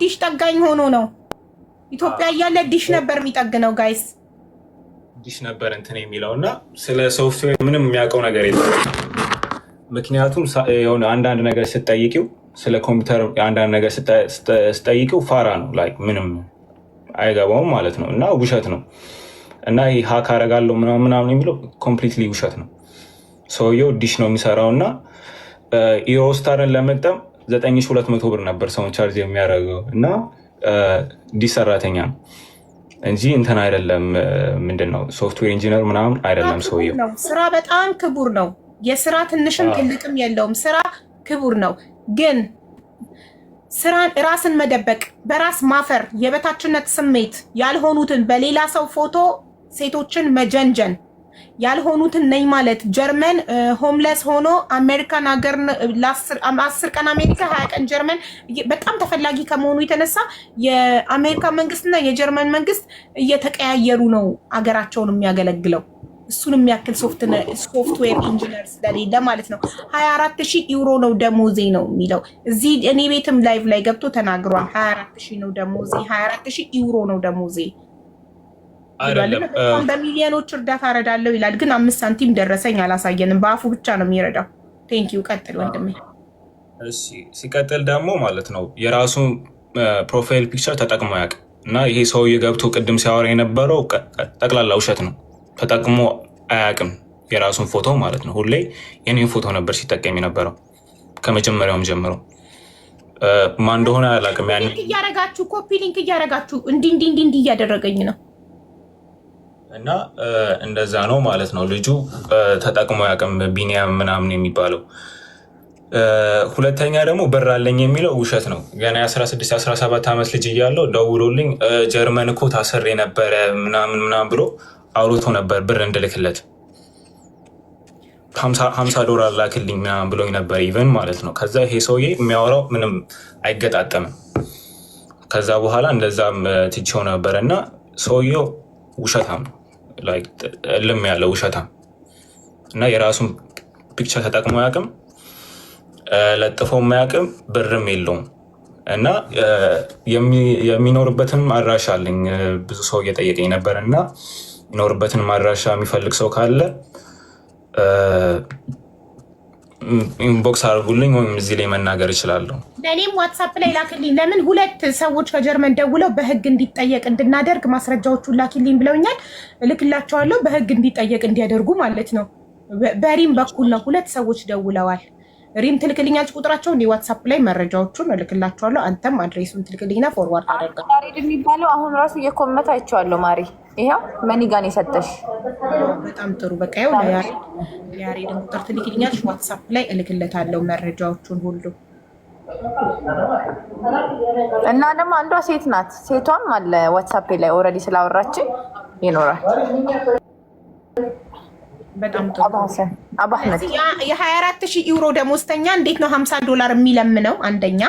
ዲሽ ጠጋኝ ሆኖ ነው። ኢትዮጵያ እያለ ዲሽ ነበር የሚጠግነው። ጋይስ ዲሽ ነበር እንትን የሚለው እና ስለ ሶፍትዌር ምንም የሚያውቀው ነገር የለም። ምክንያቱም የሆነ አንዳንድ ነገር ስጠይቂው ስለ ኮምፒውተር አንዳንድ ነገር ስጠይቂው ፋራ ነው ላይክ ምንም አይገባውም ማለት ነው እና ውሸት ነው እና ይህ ሀክ አደርጋለሁ ምናምን የሚለው ኮምፕሊትሊ ውሸት ነው። ሰውየው ዲሽ ነው የሚሰራው እና ኢሮስታርን ለመግጠም ዘጠኝ ሺህ ሁለት መቶ ብር ነበር ሰውን ቻርጅ የሚያደርገው እና ዲስ ሰራተኛ ነው እንጂ እንትን አይደለም። ምንድን ነው ሶፍትዌር ኢንጂነር ምናምን አይደለም ሰውየው። ስራ በጣም ክቡር ነው። የስራ ትንሽም ትልቅም የለውም። ስራ ክቡር ነው። ግን ስራን ራስን መደበቅ፣ በራስ ማፈር፣ የበታችነት ስሜት ያልሆኑትን በሌላ ሰው ፎቶ ሴቶችን መጀንጀን ያልሆኑትን ነኝ ማለት ጀርመን ሆምለስ ሆኖ አሜሪካን ሀገር አስር ቀን አሜሪካ ሀያ ቀን ጀርመን በጣም ተፈላጊ ከመሆኑ የተነሳ የአሜሪካ መንግስትና የጀርመን መንግስት እየተቀያየሩ ነው አገራቸውን የሚያገለግለው። እሱን የሚያክል ሶፍትዌር ኢንጂነር ስለሌለ ማለት ነው። ሀያ አራት ሺህ ዩሮ ነው ደሞዜ ነው የሚለው እዚህ እኔ ቤትም ላይቭ ላይ ገብቶ ተናግሯል። ሀያ አራት ሺህ ነው ደሞዜ፣ ሀያ አራት ሺህ ዩሮ ነው ደሞዜ በሚሊዮኖች እርዳታ እረዳለሁ ይላል፣ ግን አምስት ሳንቲም ደረሰኝ አላሳየንም። በአፉ ብቻ ነው የሚረዳው። ቴንኪው ቀጥል ወንድሜ። እሺ ሲቀጥል ደግሞ ማለት ነው የራሱ ፕሮፋይል ፒክቸር ተጠቅሞ ያውቅ እና ይሄ ሰውዬ ገብቶ ቅድም ሲያወራ የነበረው ጠቅላላ ውሸት ነው። ተጠቅሞ አያውቅም የራሱን ፎቶ ማለት ነው። ሁሌ የኔን ፎቶ ነበር ሲጠቀም የነበረው ከመጀመሪያውም ጀምሮ ማን እንደሆነ አላውቅም። ያን እያረጋችሁ ኮፒ ሊንክ እያረጋችሁ እንዲህ እንዲህ እንዲህ እያደረገኝ ነው እና እንደዛ ነው ማለት ነው። ልጁ ተጠቅሞ ያቅም ቢኒያም ምናምን የሚባለው ሁለተኛ ደግሞ ብር አለኝ የሚለው ውሸት ነው። ገና የ16 17 ዓመት ልጅ እያለው ደውሎልኝ ጀርመን እኮ ታሰር ነበረ ምናምን ምናምን ብሎ አውሮቶ ነበር ብር እንድልክለት ሀምሳ ዶላር ላክልኝ ምናምን ብሎኝ ነበር ኢቨን ማለት ነው። ከዛ ይሄ ሰውዬ የሚያወራው ምንም አይገጣጠምም። ከዛ በኋላ እንደዛም ትቼው ነበር እና ሰውዬው ውሸታም ነው። እልም ያለው ውሸታም እና የራሱን ፒክቸር ተጠቅሞ አያውቅም፣ ለጥፎ አያውቅም፣ ብርም የለውም እና የሚኖርበትን አድራሻ አለኝ። ብዙ ሰው እየጠየቀኝ ነበር እና የሚኖርበትን አድራሻ የሚፈልግ ሰው ካለ ኢንቦክስ አድርጉልኝ ወይም እዚህ ላይ መናገር እችላለሁ። ለእኔም ዋትሳፕ ላይ ላክልኝ። ለምን ሁለት ሰዎች ከጀርመን ደውለው በህግ እንዲጠየቅ እንድናደርግ ማስረጃዎቹን ላክልኝ ብለውኛል። እልክላቸዋለሁ። በህግ እንዲጠየቅ እንዲያደርጉ ማለት ነው። በሪም በኩል ነው። ሁለት ሰዎች ደውለዋል። ሪም ትልክልኛል ቁጥራቸው እንዲ ዋትሳፕ ላይ መረጃዎቹን እልክላቸዋለሁ። አንተም አድሬሱን ትልክልኝና ፎርዋርድ አደርጋል። አደርጋለሁ። የሚባለው አሁን ራሱ እየኮመት አይቼዋለሁ። ማሪ ይኸው መኒጋን የሰጠሽ በጣም ጥሩ። በቃ ይኸው የያሬድን ቁጥር ትልክልኛል ዋትሳፕ ላይ እልክለታለሁ መረጃዎቹን ሁሉ እና ደግሞ አንዷ ሴት ናት። ሴቷም አለ ዋትሳፕ ላይ ኦልሬዲ ስላወራችን ይኖራል የ24 ሺህ ዩሮ ደሞዝተኛ እንዴት ነው 50 ዶላር የሚለምነው? አንደኛ።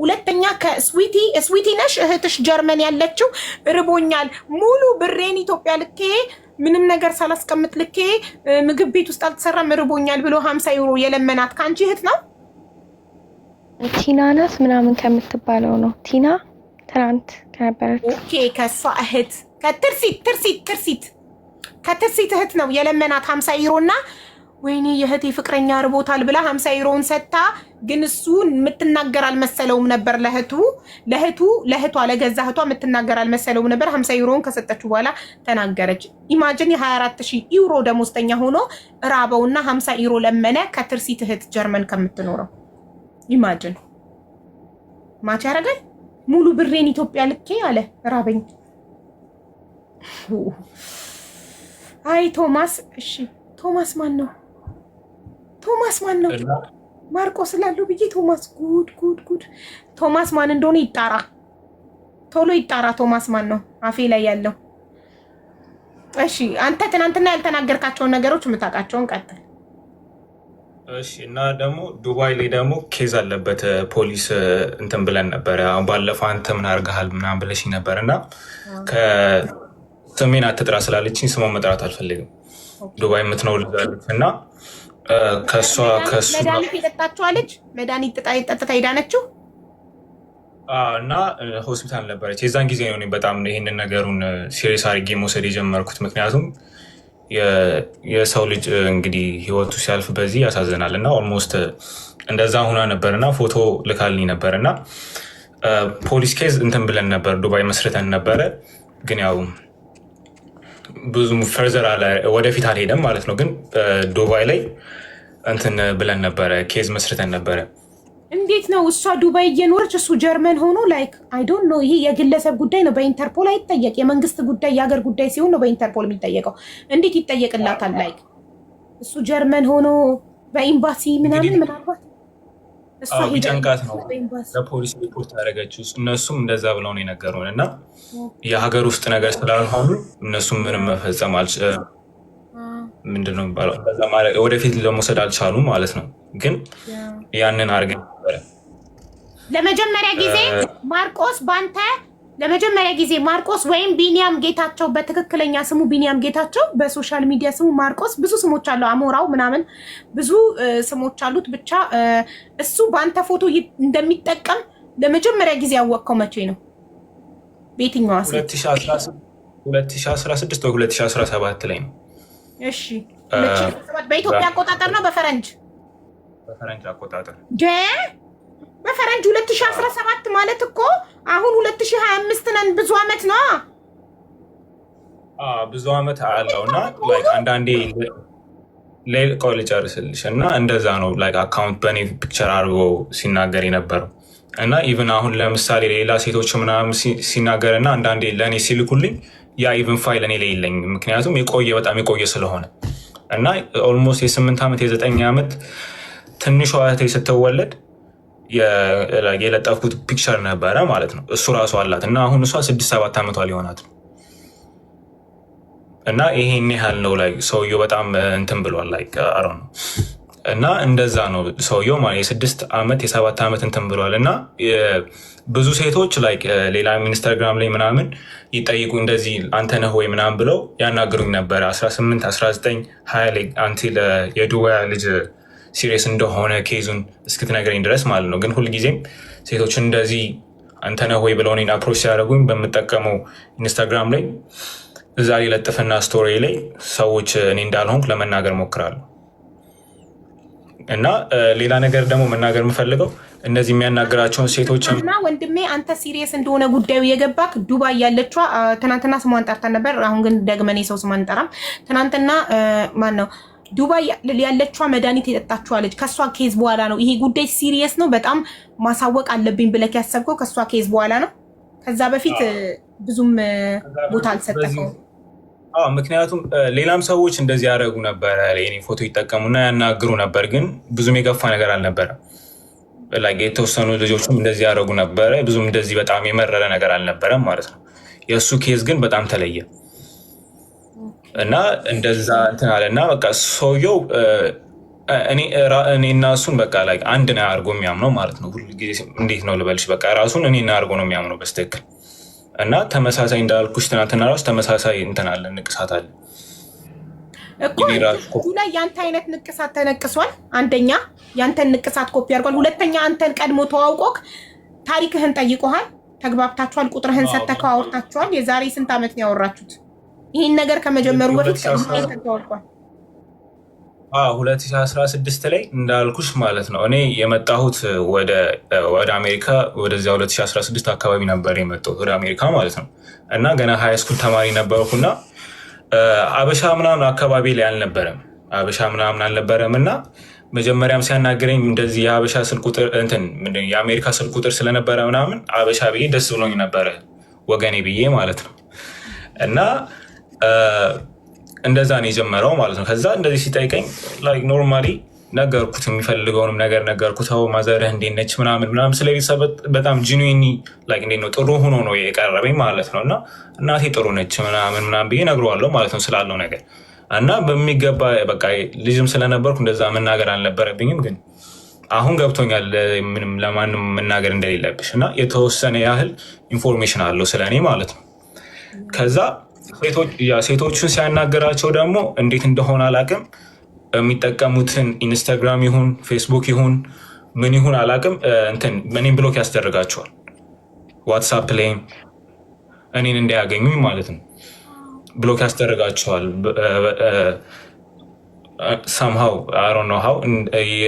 ሁለተኛ ከስዊቲ ስዊቲ ነሽ እህትሽ ጀርመን ያለችው ርቦኛል፣ ሙሉ ብሬን ኢትዮጵያ ልኬ ምንም ነገር ሳላስቀምጥ ልኬ ምግብ ቤት ውስጥ አልተሰራም ርቦኛል ብሎ 50 ዩሮ የለመናት ከአንቺ እህት ነው። ቲና ናት ምናምን ከምትባለው ነው። ቲና ትናንት ከነበረች ኦኬ፣ ከእሷ እህት ከትርሲት ትርሲት ትርሲት ከተሴት እህት ነው የለመናት ሀምሳ ዩሮና ወይኔ የእህቴ ፍቅረኛ ርቦታል ብላ ሀምሳ ዩሮውን ሰጥታ፣ ግን እሱ የምትናገር አልመሰለውም ነበር። ለእህቱ ለእህቱ ለእህቷ ለገዛ እህቷ የምትናገር አልመሰለውም ነበር። ሀምሳ ዩሮውን ከሰጠችው በኋላ ተናገረች። ኢማጅን የ24 ሺህ ዩሮ ደሞዝተኛ ሆኖ ራበውና ሀምሳ ዩሮ ለመነ ከትርሲት እህት ጀርመን ከምትኖረው። ኢማጅን ማች ያደርጋል። ሙሉ ብሬን ኢትዮጵያ ልኬ አለ ራበኝ አይ ቶማስ። እሺ ቶማስ ማን ነው? ቶማስ ማን ነው? ማርቆስ ስላለው ብዬ ቶማስ። ጉድ ጉድ ጉድ። ቶማስ ማን እንደሆነ ይጣራ፣ ቶሎ ይጣራ። ቶማስ ማን ነው? አፌ ላይ ያለው። እሺ አንተ ትናንትና ያልተናገርካቸውን ነገሮች የምታውቃቸውን ቀጥል። እሺ እና ደግሞ ዱባይ ላይ ደግሞ ኬዝ አለበት ፖሊስ እንትን ብለን ነበር ባለፈው አንተ ምን አድርገሃል ምናምን ብለሽ ነበር እና ስሜን አትጥራ ስላለችኝ ስሟን መጥራት አልፈልግም። ዱባይ የምትነው ልጅ እና ከእሷ ከእሱ መድኃኒት የጠጣችኋለች መድኃኒት ጠጥታ ሄዳነችው እና ሆስፒታል ነበረች። የዛን ጊዜ ነው በጣም ይህንን ነገሩን ሲሪየስ አድርጌ መውሰድ የጀመርኩት። ምክንያቱም የሰው ልጅ እንግዲህ ህይወቱ ሲያልፍ በዚህ ያሳዝናል እና ኦልሞስት እንደዛ ሁና ነበር እና ፎቶ ልካልኝ ነበር እና ፖሊስ ኬዝ እንትን ብለን ነበር ዱባይ መስርተን ነበረ ግን ያው ብዙም ፈርዘር አለ ወደፊት አልሄደም ማለት ነው። ግን ዱባይ ላይ እንትን ብለን ነበረ ኬዝ መስርተን ነበረ። እንዴት ነው እሷ ዱባይ እየኖረች እሱ ጀርመን ሆኖ ላይክ አይ ዶንት ኖ። ይሄ የግለሰብ ጉዳይ ነው፣ በኢንተርፖል አይጠየቅ። የመንግስት ጉዳይ የሀገር ጉዳይ ሲሆን ነው በኢንተርፖል የሚጠየቀው። እንዴት ይጠየቅላታል? ላይክ እሱ ጀርመን ሆኖ በኤምባሲ ምናምን ምናልባት ቢጨንቃት ነው ለፖሊስ ሪፖርት ያደረገችው። እነሱም እንደዛ ብለው ነው የነገሩን እና የሀገር ውስጥ ነገር ስላልሆኑ እነሱም ምንም መፈጸም ምንድን ነው የሚባለው ወደፊት ለመውሰድ አልቻሉ ማለት ነው። ግን ያንን አድርገን ነበረ ለመጀመሪያ ጊዜ ማርቆስ በአንተ ለመጀመሪያ ጊዜ ማርቆስ ወይም ቢኒያም ጌታቸው በትክክለኛ ስሙ ቢኒያም ጌታቸው በሶሻል ሚዲያ ስሙ ማርቆስ ብዙ ስሞች አለው፣ አሞራው ምናምን ብዙ ስሞች አሉት። ብቻ እሱ በአንተ ፎቶ እንደሚጠቀም ለመጀመሪያ ጊዜ ያወቅከው መቼ ነው? በየትኛዋ ሴት? 2016 ወይ 2017 ላይ ነው። እሺ በኢትዮጵያ አቆጣጠር ነው በፈረንጅ በፈረንጅ አቆጣጠር ፈረንጅ 2017 ማለት እኮ አሁን 2025 ነን። ብዙ አመት ነው፣ ብዙ አመት አለውና ላይክ አንዳንዴ ቆይ ልጨርስልሽ እና እንደዛ ነው ላይክ አካውንት በእኔ ፒክቸር አድርጎ ሲናገር የነበረው እና ኢቨን አሁን ለምሳሌ ሌላ ሴቶች ምናምን ሲናገር እና አንዳንዴ ለእኔ ሲልኩልኝ ያ ኢቨን ፋይል እኔ ላይ ምክንያቱም የቆየ በጣም የቆየ ስለሆነ እና ኦልሞስት የስምንት ዓመት የዘጠኝ ዓመት ትንሿ እህቴ ስትወለድ የለጠፍኩት ፒክቸር ነበረ ማለት ነው። እሱ ራሱ አላት እና አሁን እሷ ስድስት ሰባት ዓመቷ ሊሆናት እና ይሄን ያህል ነው ላይ ሰውየው በጣም እንትን ብሏል ላይ አረ ነው እና እንደዛ ነው ሰውየው ማለት የስድስት ዓመት የሰባት ዓመት እንትን ብሏል እና ብዙ ሴቶች ላይ ሌላ ኢንስታግራም ላይ ምናምን ይጠይቁ እንደዚህ አንተ ነህ ወይ ምናምን ብለው ያናግሩኝ ነበረ 18 19 20 ላይ አንቴ የዱባይ ልጅ ሲሪየስ እንደሆነ ኬዙን እስክትነግረኝ ድረስ ማለት ነው። ግን ሁልጊዜም ሴቶች እንደዚህ አንተነ ወይ ብለው እኔን አፕሮች ሲያደርጉኝ በምጠቀመው ኢንስታግራም ላይ እዛ ላይ ለጥፍና ስቶሪ ላይ ሰዎች እኔ እንዳልሆንኩ ለመናገር ሞክራሉ። እና ሌላ ነገር ደግሞ መናገር የምፈልገው እነዚህ የሚያናግራቸውን ሴቶች እና ወንድሜ አንተ ሲሪየስ እንደሆነ ጉዳዩ የገባክ ዱባይ ያለችዋ ትናንትና ስሟን ጠርተን ነበር። አሁን ግን ደግመኔ ሰው ስሟን አንጠራም። ትናንትና ማን ነው ዱባይ ያለችዋ መድኃኒት የጠጣችኋለች ከእሷ ኬዝ በኋላ ነው ይሄ ጉዳይ ሲሪየስ ነው በጣም ማሳወቅ አለብኝ ብለክ ያሰብከው ከእሷ ኬዝ በኋላ ነው። ከዛ በፊት ብዙም ቦታ አልሰጠከው ምክንያቱም ሌላም ሰዎች እንደዚህ ያደረጉ ነበረ። የእኔ ፎቶ ይጠቀሙና ያናግሩ ነበር፣ ግን ብዙም የገፋ ነገር አልነበረም። የተወሰኑ ልጆችም እንደዚህ ያደረጉ ነበረ። ብዙም እንደዚህ በጣም የመረረ ነገር አልነበረም ማለት ነው። የእሱ ኬዝ ግን በጣም ተለየ። እና እንደዛ እንትን አለ እና በቃ ሰውየው እኔና እሱን በቃ ላይ አንድ ነው አድርጎ የሚያምነው ማለት ነው። ሁልጊዜ እንዴት ነው ልበልሽ፣ በቃ ራሱን እኔና አድርጎ ነው የሚያምነው በስትክክል እና ተመሳሳይ እንዳልኩሽ ትናንትና ራሱ ተመሳሳይ እንትን አለ ንቅሳት አለ እኮ ላይ የአንተ አይነት ንቅሳት ተነቅሷል። አንደኛ የአንተን ንቅሳት ኮፒ አድርጓል። ሁለተኛ አንተን ቀድሞ ተዋውቆክ ታሪክህን ጠይቆሃል። ተግባብታችኋል። ቁጥርህን ሰተከው አውርታችኋል። የዛሬ ስንት ዓመት ነው ያወራችሁት? ይህን ነገር ከመጀመሩ በፊት ተዋርቋል። ሁለት ሺህ አስራ ስድስት ላይ እንዳልኩሽ ማለት ነው እኔ የመጣሁት ወደ አሜሪካ ወደዚያ ሁለት ሺህ አስራ ስድስት አካባቢ ነበር የመጣሁት ወደ አሜሪካ ማለት ነው እና ገና ሀይ ስኩል ተማሪ ነበርኩና አበሻ ምናምን አካባቢ ላይ አልነበረም አበሻ ምናምን አልነበረም እና መጀመሪያም ሲያናገረኝ እንደዚህ የአበሻ ስልክ ቁጥር እንትን የአሜሪካ ስልክ ቁጥር ስለነበረ ምናምን አበሻ ብዬ ደስ ብሎኝ ነበረ፣ ወገኔ ብዬ ማለት ነው እና እንደዛ ነው የጀመረው ማለት ነው። ከዛ እንደዚህ ሲጠይቀኝ ላይክ ኖርማሊ ነገርኩት፣ የሚፈልገውንም ነገር ነገርኩት። ው ማዘርህ እንዴት ነች ምናምን ምናምን ስለ ቤተሰብ በጣም ጂኒኒ ላይክ እንዴት ነው ጥሩ ሆኖ ነው የቀረበኝ ማለት ነው። እና እናቴ ጥሩ ነች ምናምን ምናምን ብዬ እነግረዋለሁ ማለት ነው ስላለው ነገር እና በሚገባ በቃ ልጅም ስለነበርኩ እንደዛ መናገር አልነበረብኝም፣ ግን አሁን ገብቶኛል ለማንም መናገር እንደሌለብሽ እና የተወሰነ ያህል ኢንፎርሜሽን አለው ስለእኔ ማለት ነው ከዛ ሴቶቹን ሲያናገራቸው ደግሞ እንዴት እንደሆነ አላቅም የሚጠቀሙትን ኢንስታግራም ይሁን ፌስቡክ ይሁን ምን ይሁን አላቅም እንትን እኔም ብሎክ ያስደርጋቸዋል። ዋትሳፕ ላይም እኔን እንዳያገኙኝ ማለት ነው ብሎክ ያስደርጋቸዋል። ሳምሃው አሮን ነው ሀው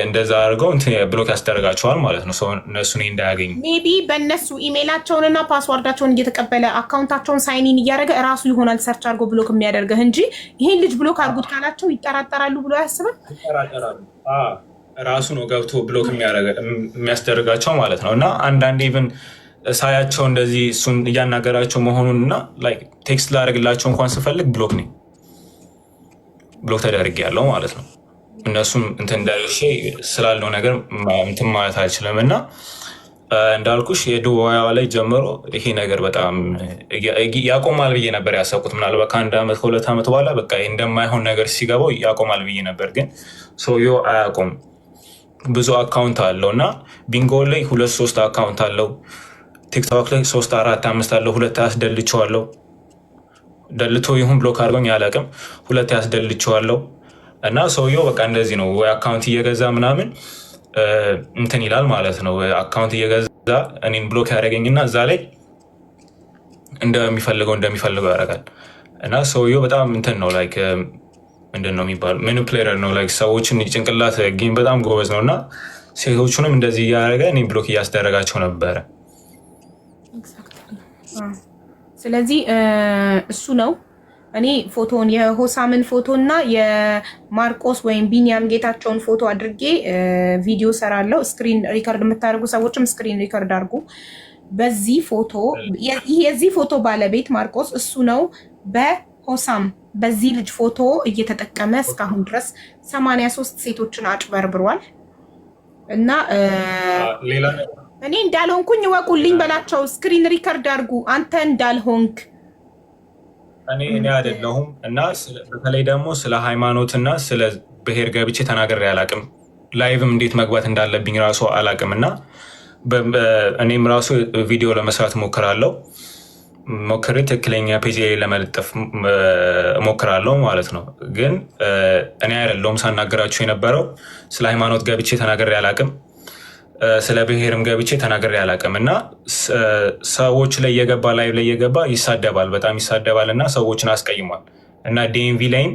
እንደዛ አድርገው ብሎክ ያስደረጋቸዋል ማለት ነው። እነሱን እንዳያገኙ ሜቢ በእነሱ ኢሜይላቸውንና ፓስዋርዳቸውን እየተቀበለ አካውንታቸውን ሳይኒን እያደረገ እራሱ ይሆናል ሰርች አድርጎ ብሎክ የሚያደርገህ እንጂ ይሄን ልጅ ብሎክ አድርጉት ካላቸው ይጠራጠራሉ ብሎ ያስባል። ራሱ ነው ገብቶ ብሎክ የሚያስደርጋቸው ማለት ነው። እና አንዳንዴ ብን ሳያቸው እንደዚህ እሱን እያናገራቸው መሆኑን እና ቴክስት ላደርግላቸው እንኳን ስፈልግ ብሎክ ነኝ ብሎክ ተደርግ ያለው ማለት ነው። እነሱም እንትን እንዳልሽ ስላለው ነገር እንትን ማለት አልችልም እና እንዳልኩሽ የድዋያ ላይ ጀምሮ ይሄ ነገር በጣም ያቆማል ብዬ ነበር ያሰብኩት። ምናልባት ከአንድ ዓመት ከሁለት ዓመት በኋላ በቃ እንደማይሆን ነገር ሲገባው ያቆማል ብዬ ነበር፣ ግን ሰውየው አያቆም። ብዙ አካውንት አለው እና ቢንጎ ላይ ሁለት ሶስት አካውንት አለው፣ ቲክቶክ ላይ ሶስት አራት አምስት አለው፣ ሁለት አስደልቸዋለው ደልቶ ይሁን ብሎክ አድርጎኝ አላውቅም። ሁለት ያስደልቸዋለው እና ሰውየው በቃ እንደዚህ ነው ወይ አካውንት እየገዛ ምናምን እንትን ይላል ማለት ነው። አካውንት እየገዛ እኔን ብሎክ ያደረገኝና እዛ ላይ እንደሚፈልገው እንደሚፈልገው ያደርጋል እና ሰውየው በጣም እንትን ነው ላይክ ምንድን ነው የሚባል ነው ላይክ ሰዎችን ጭንቅላት ጌም በጣም ጎበዝ ነው እና ሴቶቹንም እንደዚህ እያደረገ እኔ ብሎክ እያስደረጋቸው ነበረ። ስለዚህ እሱ ነው። እኔ ፎቶን የሆሳምን ፎቶ እና የማርቆስ ወይም ቢኒያም ጌታቸውን ፎቶ አድርጌ ቪዲዮ ሰራለው። ስክሪን ሪከርድ የምታደርጉ ሰዎችም ስክሪን ሪከርድ አድርጉ። በዚህ ፎቶ የዚህ ፎቶ ባለቤት ማርቆስ እሱ ነው። በሆሳም በዚህ ልጅ ፎቶ እየተጠቀመ እስካሁን ድረስ 83 ሴቶችን አጭበርብሯል እና እኔ እንዳልሆንኩኝ እወቁልኝ በላቸው። ስክሪን ሪከርድ አድርጉ። አንተ እንዳልሆንክ እኔ እኔ አይደለሁም እና በተለይ ደግሞ ስለ ሃይማኖትና ስለ ብሔር ገብቼ ተናግሬ አላቅም። ላይቭም እንዴት መግባት እንዳለብኝ ራሱ አላቅም እና እኔም ራሱ ቪዲዮ ለመስራት ሞክራለሁ ሞክሬ ትክክለኛ ፔጅ ላይ ለመለጠፍ ሞክራለሁ ማለት ነው። ግን እኔ አይደለሁም ሳናገራችሁ የነበረው ስለ ሃይማኖት ገብቼ ተናግሬ አላቅም። ስለ ብሔርም ገብቼ ተናግሬ አላውቅም እና ሰዎች ላይ የገባ ላይ ላይ የገባ ይሳደባል፣ በጣም ይሳደባል እና ሰዎችን አስቀይሟል እና ዴንቪ ላይም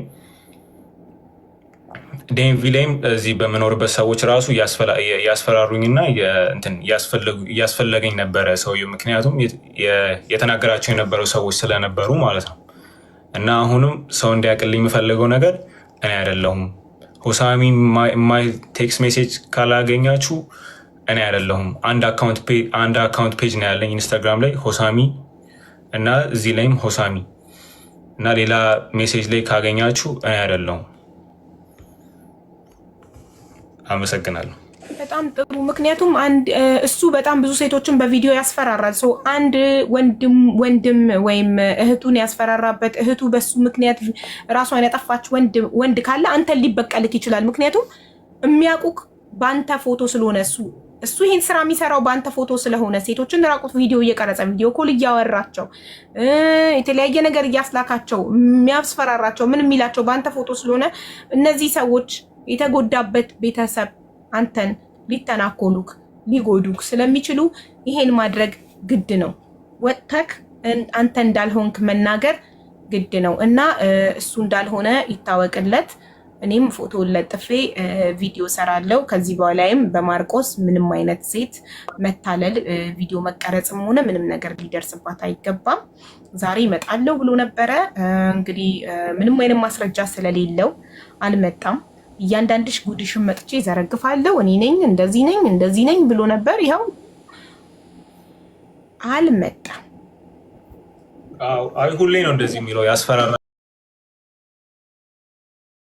ዴንቪ ላይም እዚህ በምኖርበት ሰዎች ራሱ ያስፈራሩኝና እያስፈለገኝ ነበረ ሰውዬው፣ ምክንያቱም የተናገራቸው የነበረው ሰዎች ስለነበሩ ማለት ነው። እና አሁንም ሰው እንዲያቅልኝ የምፈልገው ነገር እኔ አይደለሁም። ሆሳሚ ማይ ቴክስት ሜሴጅ ካላገኛችሁ እኔ አይደለሁም። አንድ አካውንት ፔጅ ነው ያለኝ ኢንስታግራም ላይ ሆሳሚ እና እዚህ ላይም ሆሳሚ እና ሌላ ሜሴጅ ላይ ካገኛችሁ እኔ አይደለሁም። አመሰግናለሁ። በጣም ጥሩ። ምክንያቱም እሱ በጣም ብዙ ሴቶችን በቪዲዮ ያስፈራራል። ሰው አንድ ወንድም ወንድም ወይም እህቱን ያስፈራራበት እህቱ በሱ ምክንያት ራሷን ያጠፋች ወንድ ካለ አንተን ሊበቀልክ ይችላል። ምክንያቱም የሚያውቁ በአንተ ፎቶ ስለሆነ እሱ እሱ ይሄን ስራ የሚሰራው በአንተ ፎቶ ስለሆነ ሴቶችን ራቁት ቪዲዮ እየቀረጸ ቪዲዮ ኮል እያወራቸው የተለያየ ነገር እያስላካቸው የሚያስፈራራቸው ምን የሚላቸው በአንተ ፎቶ ስለሆነ እነዚህ ሰዎች የተጎዳበት ቤተሰብ አንተን ሊተናኮሉክ ሊጎዱክ ስለሚችሉ ይሄን ማድረግ ግድ ነው። ወጥተክ አንተ እንዳልሆንክ መናገር ግድ ነው እና እሱ እንዳልሆነ ይታወቅለት። እኔም ፎቶውን ለጥፌ ቪዲዮ ሰራለው። ከዚህ በኋላይም በማርቆስ ምንም አይነት ሴት መታለል ቪዲዮ መቀረጽም ሆነ ምንም ነገር ሊደርስባት አይገባም። ዛሬ ይመጣለው ብሎ ነበረ። እንግዲህ ምንም አይነት ማስረጃ ስለሌለው አልመጣም። እያንዳንድሽ ጉድሽን መጥቼ ዘረግፋለሁ፣ እኔ ነኝ እንደዚህ ነኝ እንደዚህ ነኝ ብሎ ነበር። ይኸው አልመጣም። ሁሌ ነው እንደዚህ የሚለው ያስፈራራል።